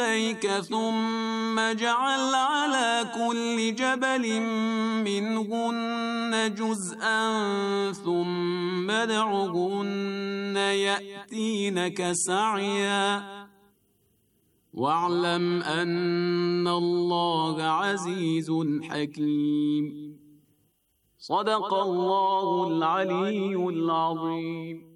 إليك ثم اجعل على كل جبل منهن جزءا ثم دعهن يأتينك سعيا واعلم أن الله عزيز حكيم صدق الله العلي العظيم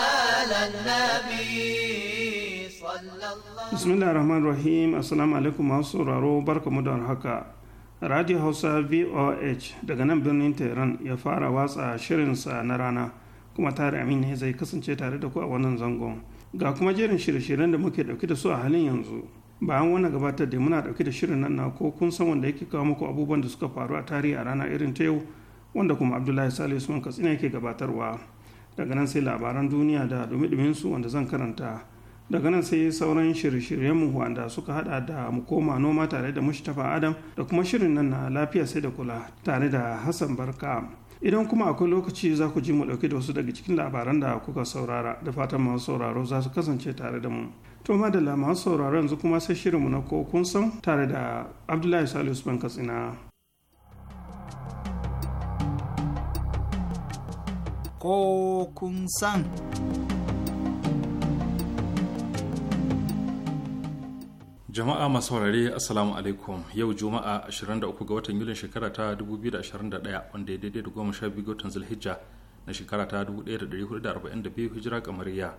bismillah rahman rahim assalamu alaikum masu sauraro barkamu da haka radio hausa voh daga nan birnin tehran ya fara watsa shirinsa na rana kuma tare amin zai kasance tare da ku a wannan zangon ga kuma jerin shirye-shiryen da muke dauke da su a halin yanzu bayan wannan gabatar da muna dauke da shirin nan na ko kun san wanda yake kawo muku abubuwan da suka faru a tarihi a rana irin ta yau wanda kuma abdullahi salisu usman katsina yake gabatarwa daga nan sai labaran duniya da dumi su wanda zan karanta daga nan sai sauran shirye shiryen mu wanda suka hada da mu koma noma tare da mustapha adam da kuma shirin nan na lafiya sai da kula tare da hassan barka idan kuma akwai lokaci za ku ji mu dauke da wasu daga cikin labaran da kuka saurara da fatan masu sauraro za su kasance tare da mu to madalla masu sauraro yanzu kuma sai shirinmu na ko kun san tare da abdullahi salisu ban katsina ko kun san jama'a masu saurare assalamu alaikum yau juma'a 23 ga watan yulin shekara ta 2021 wanda ya daidai da goma sha biyu watan zulhijja na shekara ta 1442 hijira kamariya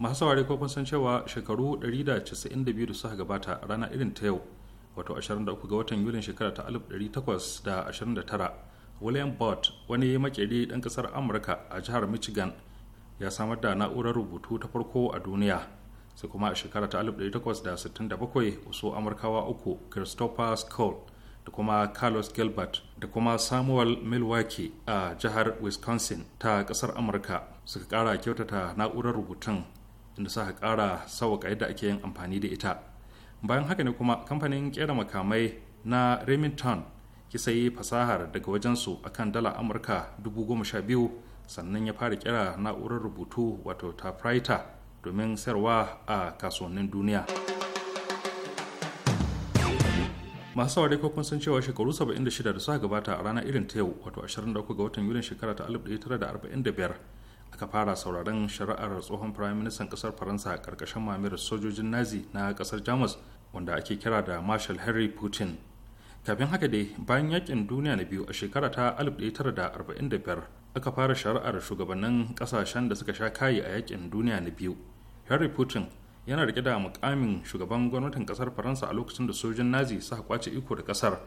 masu saurare ko kun san cewa shekaru 192 da suka gabata rana irin ta yau wato 23 ga watan yulin shekara ta 1829 william bott wani makeri dan kasar amurka a jihar michigan ya samar da na'urar rubutu ta farko a duniya sai kuma a shekara ta 1867 wasu amurkawa uku christopher skull da kuma carlos gilbert da kuma samuel milwaukee a jihar wisconsin ta kasar amurka suka kara kyautata na'urar rubutun inda suka kara sauƙa yadda ake yin amfani da ita bayan haka ne kuma kamfanin kera makamai na remington kisa yi fasahar daga wajensu akan dala amurka 12,000 sannan ya fara kira na'urar rubutu wato typewriter domin sayarwa a kasuwannin duniya masu saurari ko san cewa shekaru 76 da suka gabata a ranar irin ta yau wato 23 ga watan yulin shekara ta 1945 aka fara sauraron shari'ar tsohon firaministan kasar faransa karkashin mamir sojojin nazi na kasar jamus wanda ake kira da marshal henry putin kafin haka dai bayan yakin duniya na biyu a shekara ta 1945 aka fara shari'ar shugabannin kasashen da suka sha kayi a yakin duniya na biyu harry putin yana rike da mukamin shugaban gwamnatin kasar faransa a lokacin da sojin nazi suka kwace iko da kasar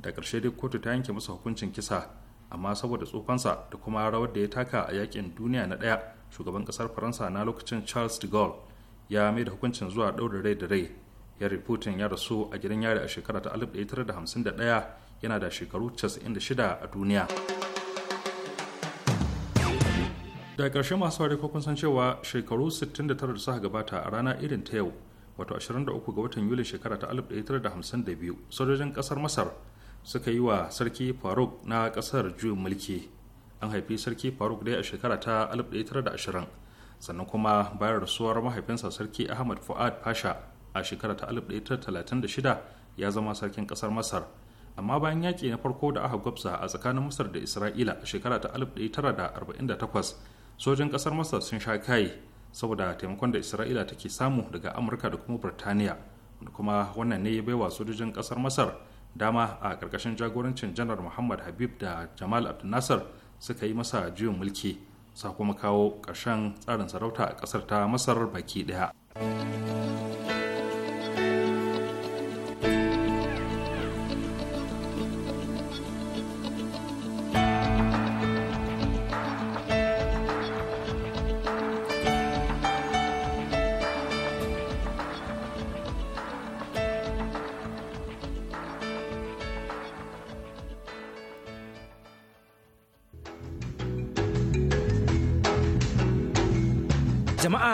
da ƙarshe dai kotu ta yanke masa hukuncin kisa amma saboda tsofansa da kuma rawar da ya taka a yakin duniya na ɗaya shugaban kasar faransa na lokacin charles de gaulle ya mai da hukuncin zuwa ɗaure rai da rai harry putin ya rasu a gidan yari a shekara ta 1951 yana da shekaru 96 a duniya. da ƙarshe masu ko kun san cewa shekaru 69 da suka gabata a rana irin ta yau wato 23 ga watan yulin shekara ta 1952 sojojin ƙasar masar suka yi wa sarki faruk na ƙasar juyin mulki an haifi sarki faruk dai a shekara ta 1920 sannan kuma bayan rasuwar mahaifinsa sarki ahmad fuad pasha a shekara ta 1936 ya zama sarkin ƙasar masar amma bayan yaƙi na farko da aka gwabza a tsakanin masar da isra'ila a shekara ta sojin kasar masar sun sha kai saboda taimakon da isra'ila take samu daga amurka da kuma birtaniya kuma wannan ne ya baiwa sojojin kasar masar dama a ƙarƙashin jagorancin janar muhammad habib da jamal nasar suka yi masa juyin mulki sa kuma kawo ƙarshen tsarin sarauta a ƙasar ta masar baki ɗaya.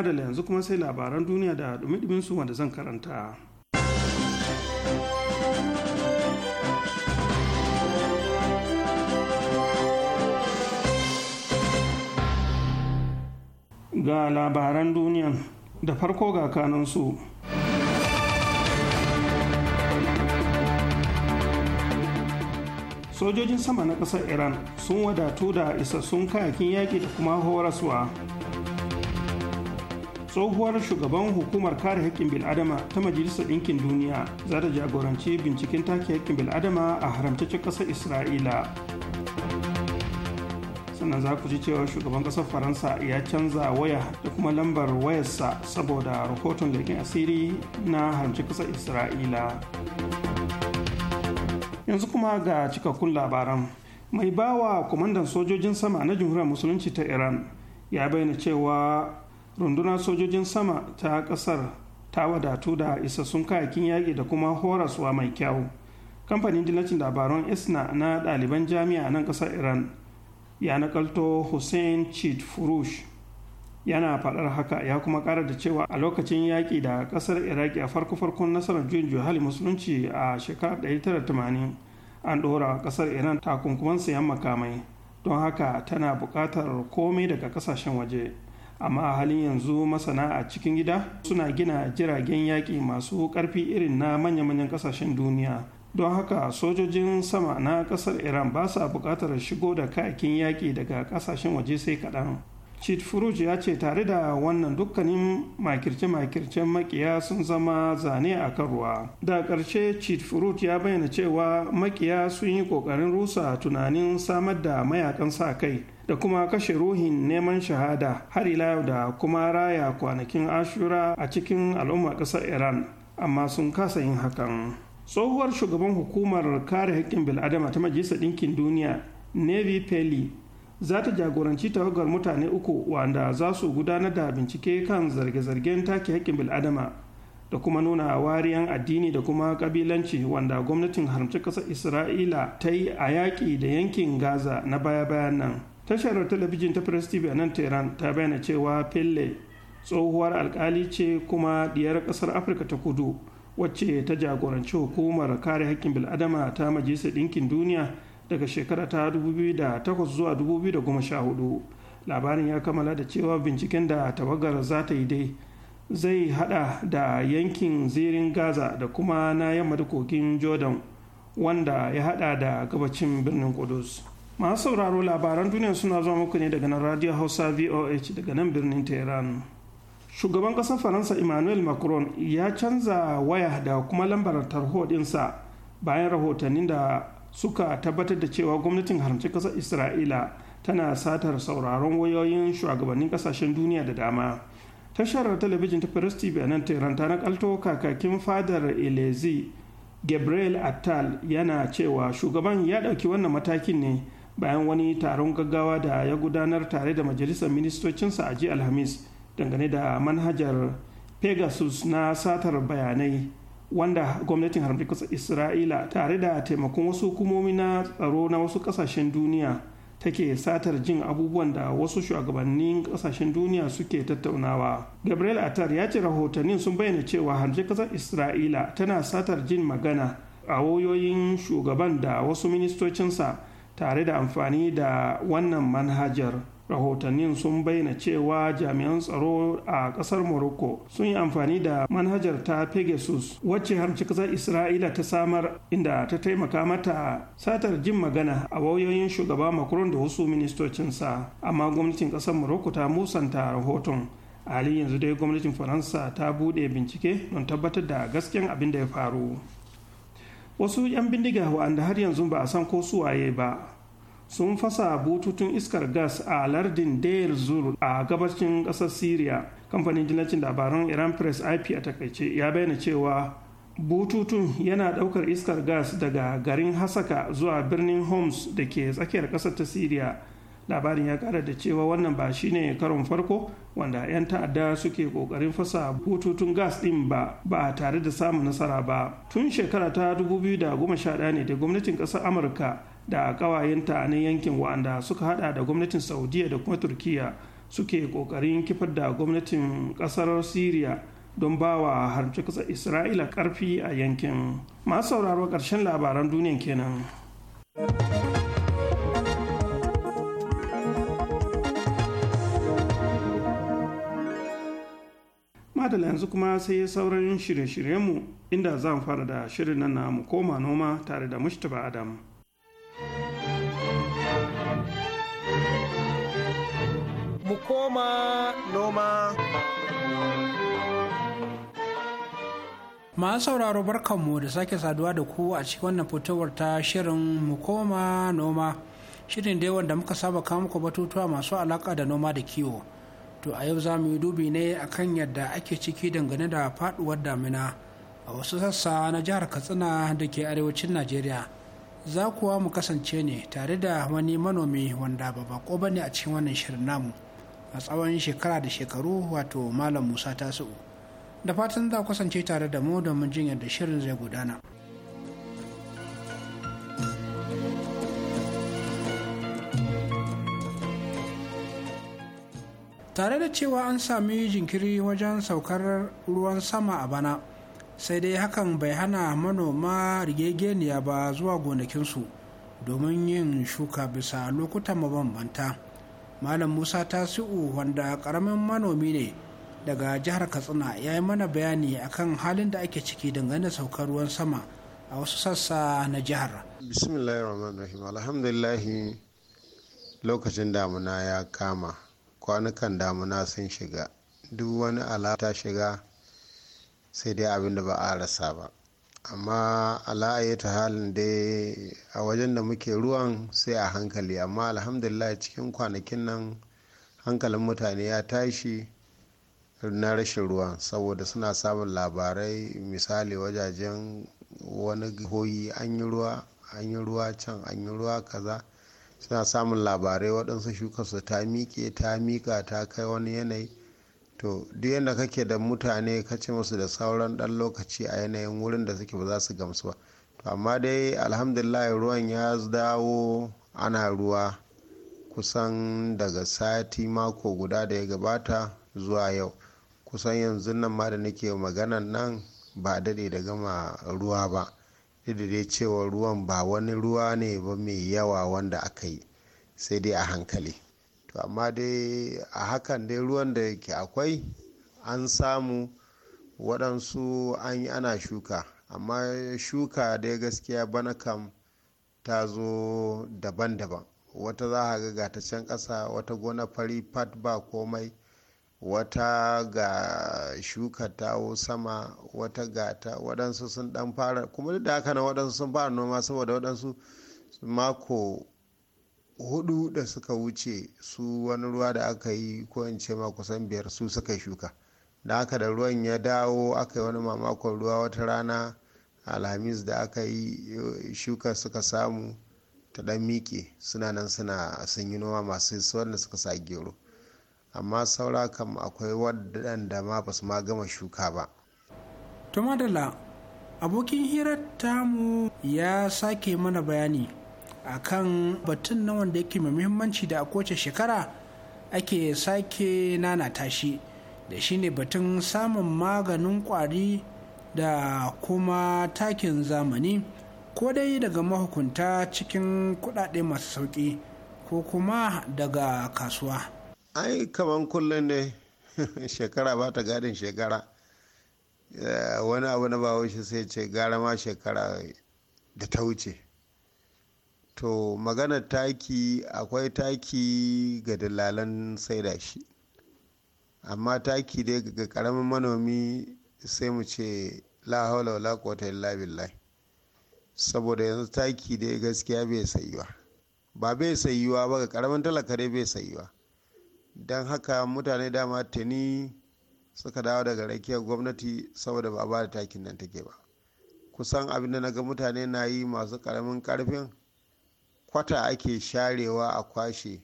madala yanzu kuma sai labaran duniya da dumi su wanda zan karanta. Ga labaran duniya da farko ga kanansu. Sojojin sama na ƙasar Iran sun wadatu da isassun kayakin yaƙi da kuma horaswa. tsohuwar shugaban hukumar kare haƙƙin bil'adama ta majalisar ɗinkin duniya za ta jagoranci binciken take haƙƙin bil'adama a haramtaccen ƙasar isra'ila sannan za ku ji cewa shugaban ƙasar faransa ya canza waya da kuma lambar wayarsa saboda rahoton leƙen asiri na haramci ƙasar isra'ila yanzu kuma ga cikakkun labaran mai bawa kwamandan sojojin sama na jumhuriyar musulunci ta iran ya bayyana cewa rundunar sojojin sama ta kasar ta wadatu da isassun kayakin yaƙi da kuma horaswa mai kyau kamfanin dillacin labaran isna na ɗaliban jami'a nan ƙasar iran ya nakalto hussein chit furush yana faɗar haka ya kuma ƙara da cewa a lokacin yaƙi da ƙasar iraki a farko-farkon nasarar juyin juhali musulunci a shekarar 1980 an ɗora ƙasar iran takunkuman sayan makamai don haka tana buƙatar komai daga ƙasashen waje. amma a halin yanzu masana a cikin gida suna gina jiragen yaƙi masu ƙarfi irin na manya-manyan ƙasashen duniya don haka sojojin sama na ƙasar iran ba sa buƙatar shigo da kayakin yaƙi daga ƙasashen waje sai kaɗan chit furuj ya ce tare da wannan dukkanin makirce-makircen makiya sun zama zane a kan ruwa da ƙarshe chit furuj ya bayyana cewa makiya sun yi ƙoƙarin rusa tunanin samar da mayakan sa kai da kuma kashe ruhin neman shahada har ila da kuma raya kwanakin ashura a cikin al'ummar ƙasar iran amma sun kasa yin hakan tsohuwar shugaban hukumar kare haƙƙin bil'adama ta majalisar ɗinkin duniya navy peli za ta jagoranci tawagar mutane uku wanda za su gudanar da bincike kan zarge-zargen take haƙƙin bil'adama da kuma nuna wariyan addini da kuma kabilanci wanda gwamnatin haramci ƙasar isra'ila ta yi a yaƙi da yankin gaza na baya-bayan nan tashar talabijin ta press tv a nan tehran ta bayyana cewa pelle tsohuwar alkali ce kuma diyar kasar afirka ta kudu wacce ta jagoranci hukumar kare hakkin bil'adama ta majalisar ɗinkin duniya daga shekara ta 2008 zuwa 2014 labarin ya kammala da cewa binciken da tawagar za ta yi dai zai hada da yankin zirin gaza da kuma na yamma da kogin jordan wanda ya hada da gabacin birnin kudus masu sauraro labaran duniya suna zuwa muku ne daga nan radio hausa voh daga nan birnin tehran shugaban ƙasar faransa emmanuel macron ya canza waya da kuma lambar tarho dinsa bayan rahotannin da suka tabbatar da cewa gwamnatin haramci ƙasar isra'ila tana satar sauraron wayoyin shugabannin ƙasashen duniya da dama tashar talabijin ta paris tv a nan tehran ta nakalto kakakin fadar elezi gabriel attal yana cewa shugaban ya ɗauki wannan matakin ne bayan wani taron gaggawa da ya gudanar tare da majalisar ministocinsa a jiya alhamis dangane da manhajar pegasus na satar bayanai wanda gwamnatin harbin isra'ila tare da taimakon wasu hukumomi na tsaro na wasu kasashen duniya take satar jin abubuwan da wasu shugabannin kasashen duniya suke tattaunawa gabriel attar ya ce rahotannin sun bayyana cewa harbin kasar isra'ila tana satar jin magana a wayoyin shugaban da wasu ministocinsa tare da amfani da wannan manhajar rahotannin sun bayyana cewa jami'an tsaro a kasar morocco sun yi amfani da manhajar ta pegasus wacce harci kasar isra'ila ta samar inda ta taimaka mata satar jin magana a wayoyin shugaba macron da wasu ministocinsa amma gwamnatin kasar morocco ta musanta rahoton a halin yanzu dai gwamnatin faransa ta buɗe bincike don tabbatar da gasken abin da ya faru wasu 'yan bindiga wa'anda har yanzu ba a san ko su waye ba sun fasa bututun iskar gas a lardin deir zur a gabashin kasar syria kamfanin jinacin labaran iran press ip a takaice ya bayyana cewa bututun yana daukar iskar gas daga garin hasaka zuwa birnin homs da ke tsakiyar kasar ta syria labarin ya kara da cewa wannan ba shine karon farko wanda 'yan ta'adda suke kokarin fasa bututun gas din ba ba tare da samun nasara ba tun shekara ta 2011 ne da gwamnatin kasar amurka da kawayenta na yankin wa'anda suka hada da gwamnatin saudiya da kuma turkiya suke kokarin kifar da gwamnatin kasar syria don ba wa harci kasar isra'ila karfi a yankin masu sauraro karshen labaran duniya kenan. madala yanzu kuma sai sauran shirye-shiryenmu inda zan fara da shirin nan na mu koma noma tare da mustapha adam mu koma noma masu sauraro barkanmu da sake saduwa da ku a cikin wannan fitowar ta shirin mu koma noma shirin da wanda muka saba kawo muku batutuwa masu alaka da noma da kiwo to a yau za mu yi dubi ne a kan yadda ake ciki dangane da faduwar damina a wasu sassa na jihar katsina da ke arewacin najeriya za kuwa mu kasance ne tare da wani manomi wanda ba bako ba ne a cikin wannan shirin namu a tsawon shekara da shekaru wato malam musa tasu da fatan za kasance tare da mu domin jin yadda shirin zai gudana. tare da cewa an sami jinkiri wajen saukar ruwan sama a bana sai dai hakan bai hana manoma rigegeniya ba zuwa gonakinsu domin yin shuka bisa lokuta mabambanta malam musa tasi'u wanda karamin manomi ne daga jihar katsina ya yi mana bayani akan halin da ake ciki dangane saukar ruwan sama a wasu sassa na jihar bismillahirrahmanirrahim alhamdulillahi lokacin damuna ya kama kwanukan damuna sun shiga duk wani ala ta shiga sai dai abin da ba a rasa ba amma ala'ayi ta halin dai a wajen da muke ruwan sai a hankali amma alhamdulillah cikin kwanakin nan hankalin mutane ya tashi na rashin ruwa saboda suna samun labarai misali wajajen wani hoyi an yi ruwa an yi ruwa can an yi ruwa kaza suna samun labarai waɗansu shukarsu ta miƙe ta miƙa ta kai wani yanayi to duk yadda kake da mutane ka ce musu da sauran ɗan lokaci a yanayin wurin da suke ba za su gamsu ba to amma dai alhamdulillah ruwan ya dawo ana ruwa kusan daga sati mako guda da ya gabata zuwa yau kusan yanzu nan ma da nake maganan nan ba dade da gama ruwa ba duk da dai cewa ruwan ba wani ruwa ne ba mai yawa wanda aka yi sai dai a hankali to amma dai a hakan dai ruwan da yake akwai an samu waɗansu an yi ana shuka amma shuka dai gaskiya bana kam ta zo daban-daban wata za a ga ta can ƙasa wata gona fari fat ba komai wata ga shuka tawo sama wata gata waɗansu sun ɗan fara kuma duk da haka nan waɗansu sun fara noma saboda waɗansu mako hudu da suka wuce su wani ruwa da aka yi ko in ce biyar su suka shuka da haka da ruwan ya dawo aka yi wani mamakon ruwa wata rana alhamis da aka yi shuka suka samu ta dan miƙe suna nan suna sun yi noma masu wanda suka sa gero amma saura kam akwai waɗanda ma ba su ma gama shuka ba to madalla abokin hirar tamu ya sake mana bayani a kan batun na wanda yake mai muhimmanci da a kowace shekara ake sake nana tashi da shine batun samun maganin kwari da kuma takin zamani ko dai daga mahukunta cikin kudade masu sauki ko kuma daga kasuwa ai kaman kullum ne shekara ba ta gadin shekara eh, wani abu na ba wuce sai ce gara ma shekara da ta wuce to magana taki akwai taki ga dalalan saida shi amma taki dai ga karamin manomi sai mu ce la haula wala kota illa billahi saboda yanzu taki dai gaskiya bai sayuwa ba bai sayuwa ba ga karamin talaka dai bai sayuwa don haka mutane dama tuni suka dawo daga rakiyar gwamnati saboda ba ba da takin nan take ba kusan abinda na ga mutane na yi masu karamin karfin kwata ake sharewa a kwashe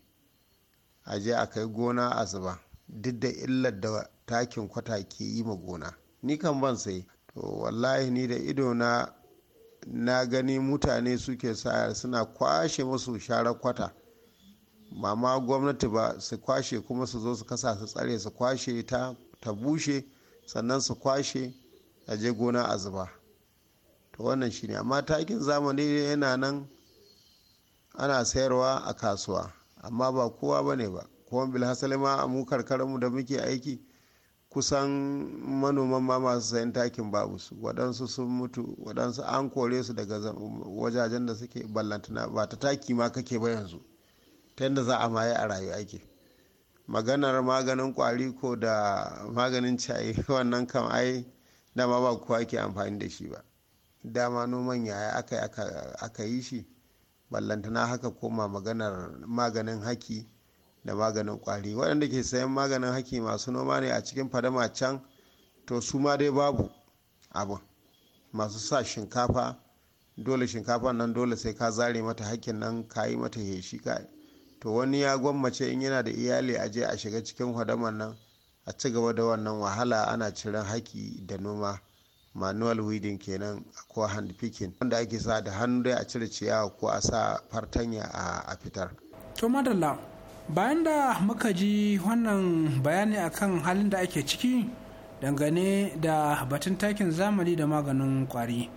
a je a kai gona a zuba duk da illar da takin kwata ke yi ma gona ni kan ban sai to wallahi ni da ido na na gani mutane suke sa suna kwashe masu share kwata ba ma gwamnati ba su kwashe kuma su zo su kasa su tsare su kwashe ta bushe sannan su kwashe a je gona a zuba to wannan shine amma takin zamani yana nan ana sayarwa a kasuwa amma ba kowa ba ne ba kuma bilhassali ma a mu karkararmu da muke aiki kusan manoman ma masu sayan takin babu su waɗansu sun mutu waɗansu an kore su daga wajajen da suke ballantana ba ta taki ma kake ba yanzu ta yadda za a maye a rayu ake maganar maganin kwari ko da maganin ciyayi wannan kan ai dama ba kowa ke amfani da shi ba dama noman yaya aka yi shi ballantana haka koma maganar maganin haki da maganin kwari waɗanda ke sayan maganin haki masu noma ne a cikin fadama can to su ma dai babu abu masu sa shinkafa dole shinkafa nan dole sai ka zare mata hakkin nan ka yi mata heshi ka to wani ya gwammace in yana da iyali a je a shiga cikin hadaman nan a ci gaba da wannan wahala ana ciran haki da noma manual weeding kenan ko hand picking wanda ake sa da hannu dai a cire ciyawa ko a sa fartanya a fitar to madalla bayan da muka ji wannan bayani akan halin da ake ciki dangane da batun takin zamani da maganin kwari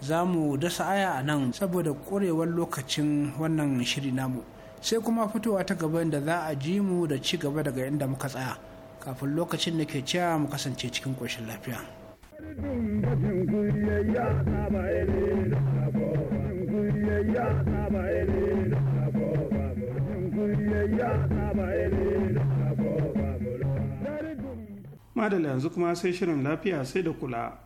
za mu dasa aya a nan saboda korewar lokacin wannan shiri namu sai kuma fitowa ta gaban da za a ji mu da ci gaba daga inda muka tsaya kafin lokacin da ke cewa mu kasance cikin ƙoshin lafiya. Madala yanzu kuma sai shirin lafiya sai da kula.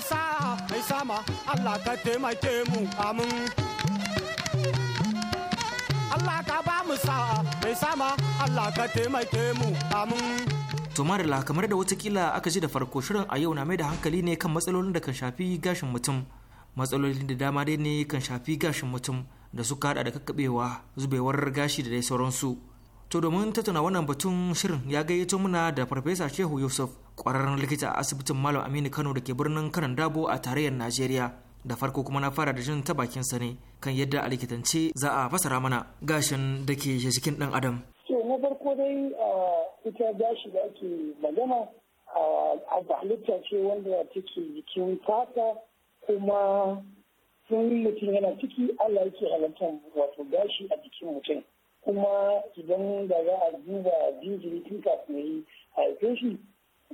sa mai sama Allah ka taimake mu amun Allah ka ba mu sa mai sama Allah ka taimake mu amun To Marila kamar da watakila aka ji da farko shirin a yau na mai da hankali ne kan matsalolin da kan shafi gashin mutum matsalolin da dama dai ne kan shafi gashin mutum da suka hada da kakkaɓewa zubewar gashi da dai sauransu To domin tattauna wannan batun shirin ya gayyato muna da Farfesa Shehu Yusuf kwararren likita a asibitin Malam Aminu Kano da ke birnin Kanan Dabo a tarayyar Najeriya. Da farko kuma na fara da jin ta bakin sa ne kan yadda a likitance za a fasara mana gashin da ke jikin ɗan adam. To na farko dai ita gashi da ake magana a halitta ce wanda take jikin fata kuma sun mutum yana ciki Allah yake halartar wato gashi a jikin mutum. kuma idan da za a duba jinjiri tun kafin yi haife shi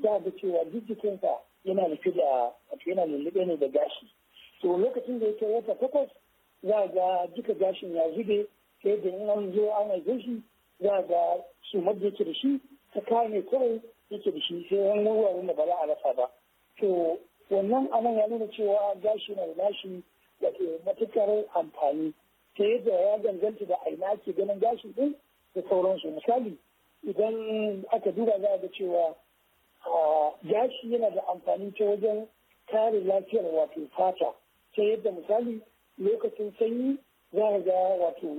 za a ga cewa jijikinsa yana rufe da yana lullube ne da gashi to lokacin da ya wata takwas za a ga duka gashin ya zube sai da in an zo an haife shi za a ga su madda yake da shi ta kaya ne kawai yake da shi sai wani wuraren da ba za a rasa ba to wannan anan ya nuna cewa gashi na da gashi da ke matukar amfani ta yadda ya danganta da aina ake ganin gashi din da sauransu misali idan aka duba za a ga cewa gashi yana da amfani ta wajen kare lafiyar wato fata ta yadda misali lokacin sanyi za a ga wato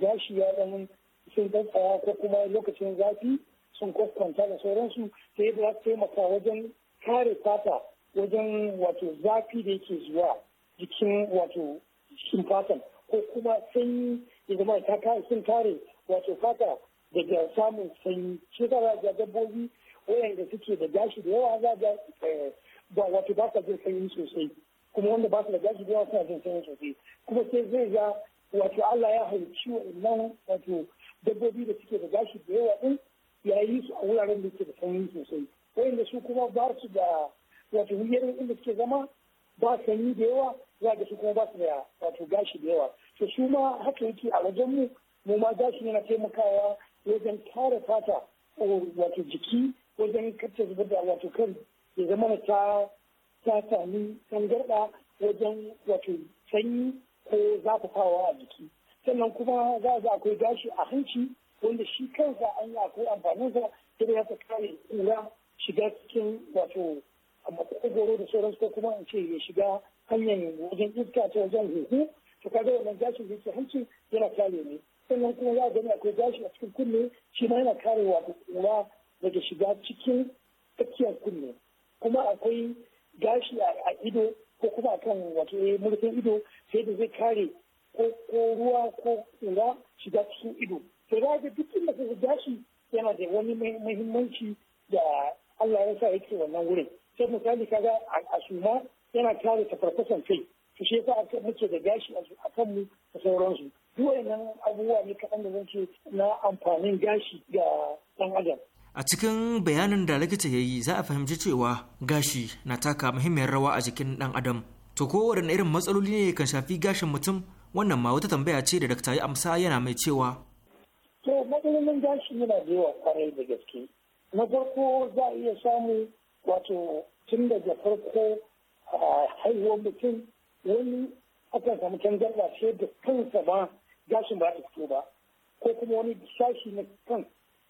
gashi ya dan sun tsaya ko kuma lokacin zafi sun kwakwanta da sauransu ta yadda za su taimaka wajen kare fata wajen wato zafi da yake zuwa jikin wato shimfatan fatan ko kuma sanyi ya zama ta sun kare wato fata daga samun sanyi shi ka za dabbobi wayanda suke da gashi da yawa za ga eh, ba wato ba sa jin sanyi sosai kuma wanda ba su da gashi da yawa suna jin sanyi sosai kuma sai zai ga wato Allah ya halicci wa'annan wato dabbobi da suke da gashi da yawa din ya yi su a wuraren da suke da sanyi sosai wayanda su kuma ba su da wato wuyarin inda suke zama ba sanyi da yawa za ga su kuma ba su da wato gashi da yawa to su ma haka yake a wajen mu mu ma gashi yana taimakawa wajen kare fata wato jiki wajen kacce zubar da wato kan ya zama ta ta sami tangarɗa wajen wato sanyi ko zafafawa a jiki sannan kuma za a akwai gashi a hanci wanda shi kansa an yi akwai amfaninsa ta da ya kare kura shiga cikin wato makogoro da sauransu ko kuma in ce ya shiga hanyar wajen iska ta wajen huhu to kaga wannan gashin da yake hanci yana kare ne sannan kuma za gani akwai gashi a cikin kunne shi ma yana kare wa daga shiga cikin tsakiyar kunne kuma akwai gashi a ido ko kuma akan wato eh, murfin ido sai da zai kare ko ruwa ko kura shiga cikin ido to ga ga duk inda gashi yana da wani muhimmanci da Allah ya sa yake wannan wurin sai misali kaga a suma yana kare tafarkasan kai su shi yasa aka muke da gashi a kan mu da sauransu duk wayannan abubuwa ne kaɗan da zan ce na amfanin gashi ga ɗan adam a cikin bayanin da likita ya yi za a fahimci cewa gashi na taka muhimmiyar rawa a jikin ɗan adam to kowane irin matsaloli ne kan shafi gashin mutum wannan ma wata tambaya ce da dakta ya amsa yana mai cewa to matsalolin gashi yana da yawa kwarai da gaske na farko za a iya samu wato tun daga farko a haihuwar mutum wani akan samu canjar ba sai da kansa ba gashin ba ta fito ba ko kuma wani sashi na kan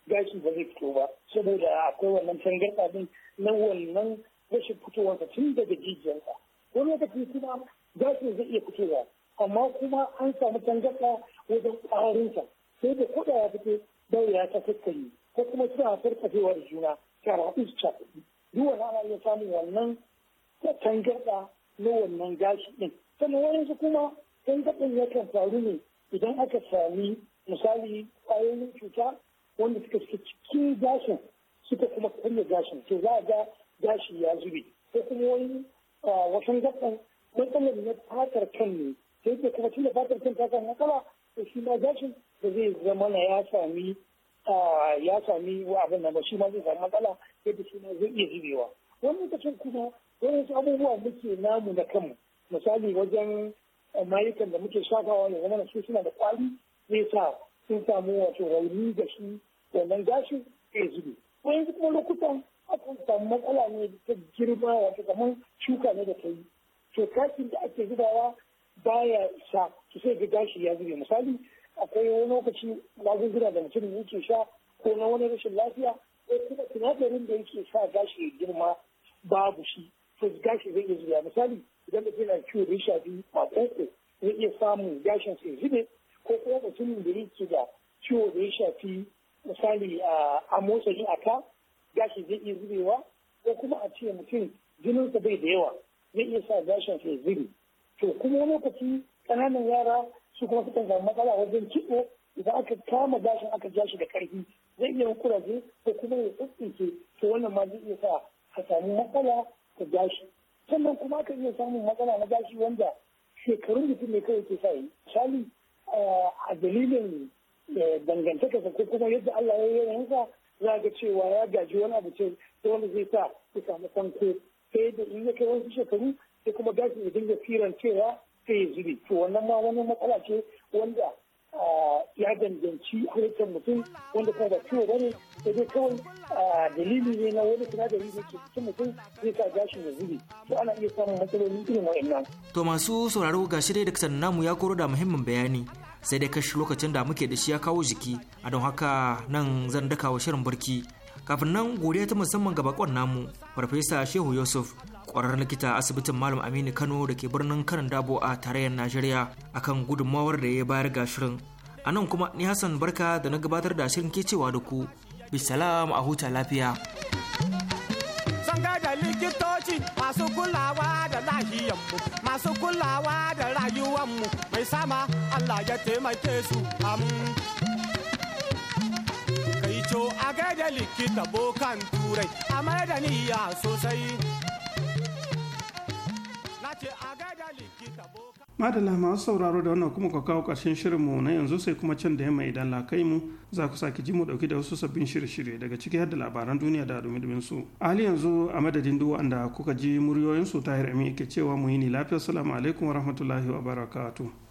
gashi ba zai fito ba saboda akwai wannan canjar din na wannan rashin fitowarsa tun daga jijiyarsa wani lokaci kuma gashin zai iya fitowa amma kuma an samu tangarɗa wajen ƙwarinsa sai da kuɗa ya fito daura ta kakkari ko kuma suna farfasewar juna ta raɗu su cakuɗi duk wani ana iya samun wannan tangarɗa na wannan gashi ɗin sannan su kuma gangaɗin yakan faru ne idan aka sami misali ƙwayoyin cuta wanda suka suke cikin gashin suka kuma kanya gashin to za a ga gashi ya zube ko kuma wani wasan gaɓan matsalar na fatar kan ne sai da kuma tunda fatar kan ta kan matsala to shi ma gashin da zai zama na ya sami ya sami wa abin nan ba shi ma zai sami matsala yadda shi ma zai iya zubewa wani lokacin kuma wasu abubuwa muke namu na kanmu misali wajen eh, mayukan da muke shafawa ya zama su suna da kwari ne sa sun samu wato rauni da shi wannan gashi ya zube ko yanzu kuma lokutan akan samu matsala ne ta girma wato kamar shuka ne da ta yi to kashin da ake zubawa baya sa su sai ga gashi ya zube misali akwai wani lokaci magunguna da mutum yake sha ko na wani rashin lafiya ko kuma sinadarin da yake sa gashi ya girma babu shi to gashi zai iya zuwa misali idan mutum yana ciwo da ya shafi makoko zai iya samun gashin sai zube ko kuma mutumin da yake da ciwo da ya shafi misali a motsa yin aka gashi zai iya zubewa ko kuma a ce mutum jininsa bai da yawa zai iya sa gashin sai zube to kuma lokaci ƙananan yara su kuma sukan samu matsala wajen kitso idan aka kama gashin aka ja shi da ƙarfi zai iya kuraje ko kuma ya tsintsince to wannan ma zai iya sa a samu matsala ta gashi sannan kuma ka iya samun matsala na gashi wanda shekarun mutum ne kawai ke sa yi misali eh, a dalilin eh, sa ko kuma yadda Allah ya yi yanka za ga cewa ya gaji wani abu ce wani zai sa su samu sanko sai da in ya kai wasu shekaru sai kuma gashi ya dinga firan cewa sai ya zube to wannan ma wani matsala ce wanda ya danganci halittar mutum wanda kuma ba ciwo ba ne da dai kawai dalili ne na wani sinadari da ke cikin mutum zai sa gashin ya zube to ana iya samun matsaloli irin wa'annan. to masu sauraro ga shi dai da namu ya koro da muhimmin bayani sai dai kashi lokacin da muke da shi ya kawo jiki a don haka nan zan dakawa shirin barki kafin nan godiya ta musamman ga bakon namu farfesa shehu yusuf kwararren likita asibitin malam aminu kano da ke birnin kanan dabo a tarayyar najeriya akan gudunmawar da ya bayar ga shirin a nan kuma ni hassan barka da na gabatar da shirin ke cewa da ku bisalam a huta lafiya da likitoci masu kulawa da lahiyanmu masu kulawa da rayuwanmu mai sama allah ya taimake su amin to a gaida likita bokan turai a sosai ce masu sauraro da wannan kuma ka kawo ƙarshen shirinmu na yanzu sai kuma can da yamma idan lakai mu za ku sake ji mu ɗauki da wasu sabbin shirye-shirye daga ciki har da labaran duniya da dumi su. A hali yanzu a madadin duk wanda kuka ji muryoyinsu tahir amin ke cewa mu yi ni lafiya salamu alaikum wa rahmatullahi wa barakatuh.